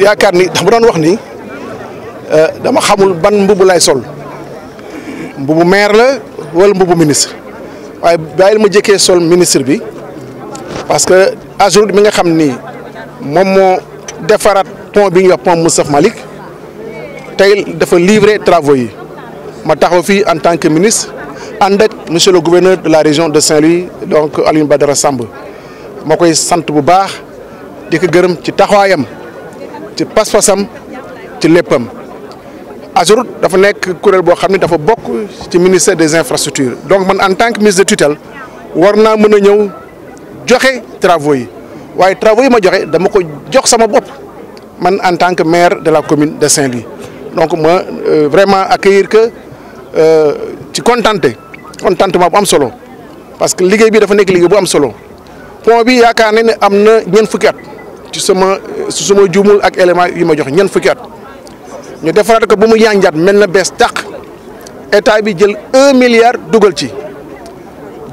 yaakaar ni dama doon wax ni euh, dama xamul ban mbubu lay sol mbubu maire la wala mbubu ministre waaye bàyyil ma jëkkee sol ministre bi parce que AGEROUTE mi nga xam ni moom moo defaraat pont bi ñuy wax pont Moustapha Malick tey dafa livrer travaux yi ma taxaw fii en tant que ministre ànd ak monsieur le gouverneur de la région de Saint-Louis donc ba Badara Samb ma koy sant bu baax di ko gërëm ci taxawaayam. ci pas-pasam ci léppam AGEROUTE dafa nekk kuréel boo xam ne dafa bokk ci ministère des infrastructures donc man en tant que ministre de tutelle war naa mën a ñëw joxe travaux yi waaye travaux yi ma joxe dama ko jox sama bopp man en tant que maire de la commune de Saint-Louis donc ma euh, vraiment accueillir que euh, ci contenté contentement bu am solo parce que liggéey bi dafa nekk liggéey bu am solo pont bi yaakaar na ne am na ñeent fukki at ci sama suma sama juumul ak élément yi ma jox ñan fukki at ñu defaraat ko ba mu yànjaat mel na bees tàq état bi jël un milliard dugal ci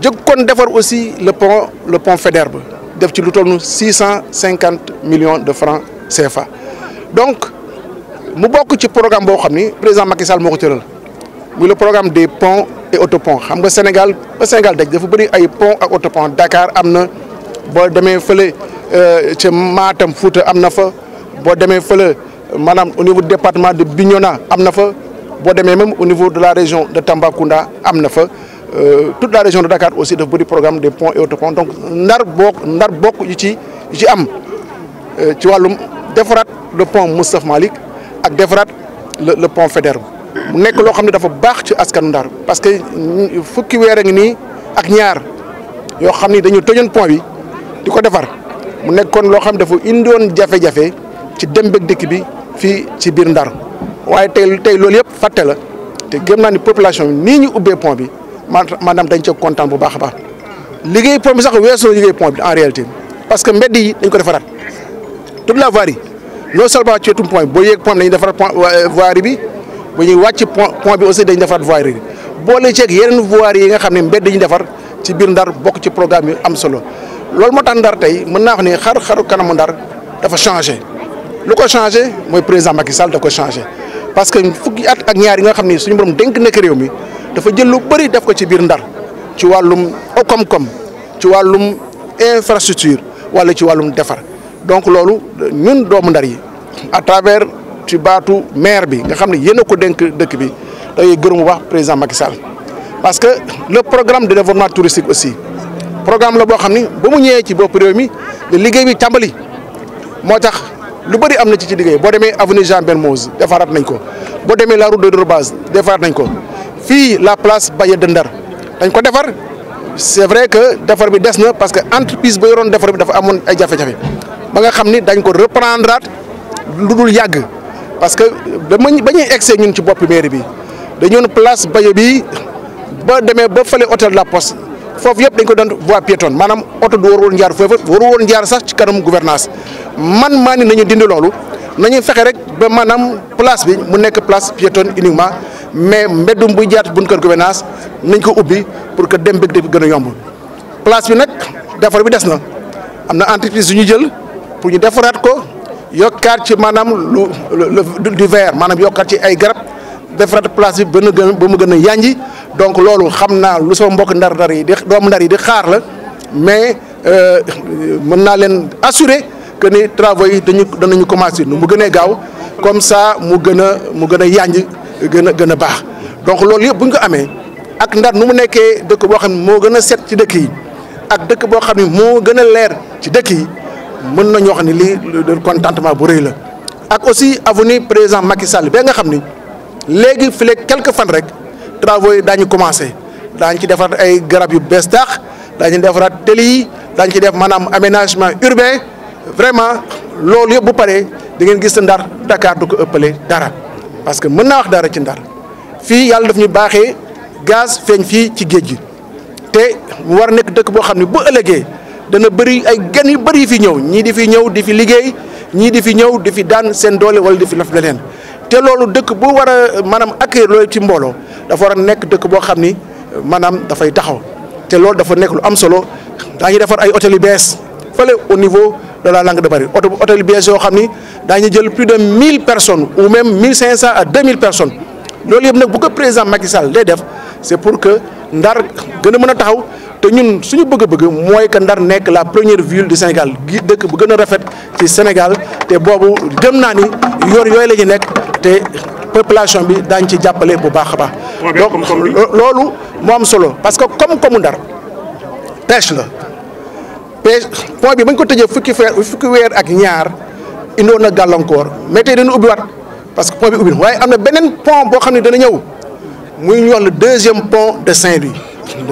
jëg kon defar aussi le pont le pont Faidherbe def ci lu toll nu six cent cinquante million de francs CFA donc mu bokk ci programme boo xam ni président Macky Sall moo ko tëral muy le programme des ponts et autoponts xam nga Sénégal ba Sénégal daj dafa bëri ay pont ak autopont Dakar am na boo demee fële. Euh, ci maatam Fouta am na fa boo demee fële maanaam au niveau du département de Bignona am na fa boo demee même au niveau de la région de Tambacounda am na fa euh, toute la région de Dakar aussi daf bëri programme de ponts et autoponts donc ndar bokk ndar bokk yu ci yu am euh, ci wàllum defaraat le pont Moustapha Malick ak defaraat le pont Faidherbe mu nekk loo xam ne dafa baax ci askanu ndar parce que fukki weer a ngi nii ak ñaar yoo xam ni dañu tojoon pont bi di ko defar mu nekkoon loo xam dafa indoon jafe-jafe ci dem bëgg dëkk bi fii ci biir Ndar waaye tey tey loolu yëpp fàtte la te gëm naa ni population bi nii ñu ubbee pont bi maanaam dañ ca kontaan bu baax a baax liggéey pont bi sax weesoo liggéey pont bi en réalité parce que mbedd yi dañ ko defaraat toute la voirie non seulement ci wetu pont bi boo yéeg pont bi dañuy defaraat pont euh, voirie bi bu ñuy wàcc pont bi aussi dañ defaraat voirie bi boole ceeg yeneen voirie yi nga xam ne mbedd yi defar ci biir Ndar bokk ci programme bi am solo. loolu moo tax ndar tey mën naa wax ne xar xaru kanamu ndar dafa changé lu ko changé mooy président Macky Sall da ko changé parce que fukki at ak ñaar yi nga xam ne suñu borom dénk nekk réew mi dafa jël lu bëri def ko ci biir ndar ci wàllum koom-koom ci wàllum infrastructure wala ci wàllum defar donc loolu ñun doomu ndar yi à travers ci baatu maire bi nga xam ne yéen a ko denk dëkk bi da ngay gërëm bu président Macky Sall parce que le programme de développement aussi. programme la boo xam ni ba mu ñëwee ci bopp réew liggéey bi tàmbali moo tax lu bëri am na ci ci liggéey boo demee avenue Jean Mermoz defaraat nañ ko boo demee la route de Rebeuss defaraat nañ ko fii la place Baye de Ndar dañ ko defar c'est vrai que defar bi des na parce que entreprise ba yoroon defar bi dafa amoon ay jafe ba nga xam ni dañ ko reprendraat lu dul yàgg parce que ba ba ñuy egg ñun ci bopp mairie bi dañoon place Baye bi ba demee ba fële hôtel de la Poste. foofu yëpp dañ ko doon voie piétonne maanaam oto du waru woon jaar foofu waru woon jaar sax ci kanam gouvernance man maa ni nañu dindi loolu nañu fexe rek ba maanaam place bi mu nekk place piétonne uniquement mais mbeddum bu jaat buñ kër gouvernance nañ ko ubbi pour que dem bëgg def gën a yombul place bi nag defar bi des na am na entreprise yu ñu jël pour ñu defaraat ko yokkaat ci maanaam lu du verre maanaam yokkaat ci ay garab defaraat place bi ba mu gën ba mu gën a yànji donc loolu xam naa lu sama mbokk ndar-ndar yi di doomu ndar yi di xaar la mais euh, mën naa leen assurer que ni travaux yi dañu danañu commencer nu mu gënee gaaw comme saa mu gën a mu gën a yànji gën a gën a baax donc loolu yëpp bu ñu ko amee ak ndar nu mu nekkee dëkk boo xam ne moo gën a set ci dëkk yi ak dëkk boo xam ne moo gën a leer ci dëkk yi mën nañoo xam ne lii contentement bu rëy la ak aussi avenue président Macky Sall ba nga xam ni. léegi file quelques fan rek travaux yi daañu commencé daañ ci defar ay garab yu bees taax daañu defaraat tëli yi daañ ci def maanaam aménagement urbain vraiment loolu yëpp bu paree da ngeen gis Ndar Dakar du ko ëppale dara parce que mën naa wax dara ci Ndar fii yàlla daf ñu baaxee gaz feeñ fii ci géej gi te mu war nekk dëkk boo xam ne bu ëllëgee dana bëri ay gan yu bari yi fi ñëw ñii di fi ñëw di fi liggéey ñii di fi ñëw di fi daan seen doole wala di fi laf leneen te loolu dëkk bu war a maanaam accueillir loolu ci mbooloo dafa war a nekk dëkk boo xam ni maanaam dafay taxaw te loolu dafa nekk lu am solo daañu defar ay hôtel yu bees fële au niveau de la Langue de Barry hôtel hôtel yu bees yoo xam ni daañu jël plus de mille personnes ou même mille cent à deux mille personnes loolu yëpp nag bu ko président Macky Sall day def c'est pour que Ndar gën a mën a taxaw te ñun suñu bëgg-bëgg mooy que Ndar nekk la première ville du Sénégal gi dëkk bu gën a rafet ci Sénégal te boobu gëm naa ni yoon yooyu la ñu nekk. te population bi daañ ci jàppale bu baax a baax. donc loolu moo solo parce que comme comme Ndar pêche la pêche point bi bañ ko tëjee fukki weer fukki weer ak ñaar indoon na gàllankoor mais tey dañu ubbiwaat parce que pont bi ubbi na waaye am na beneen pont boo xam ne dana ñëw muy ñu wax le deuxième pont de Saint-Louis.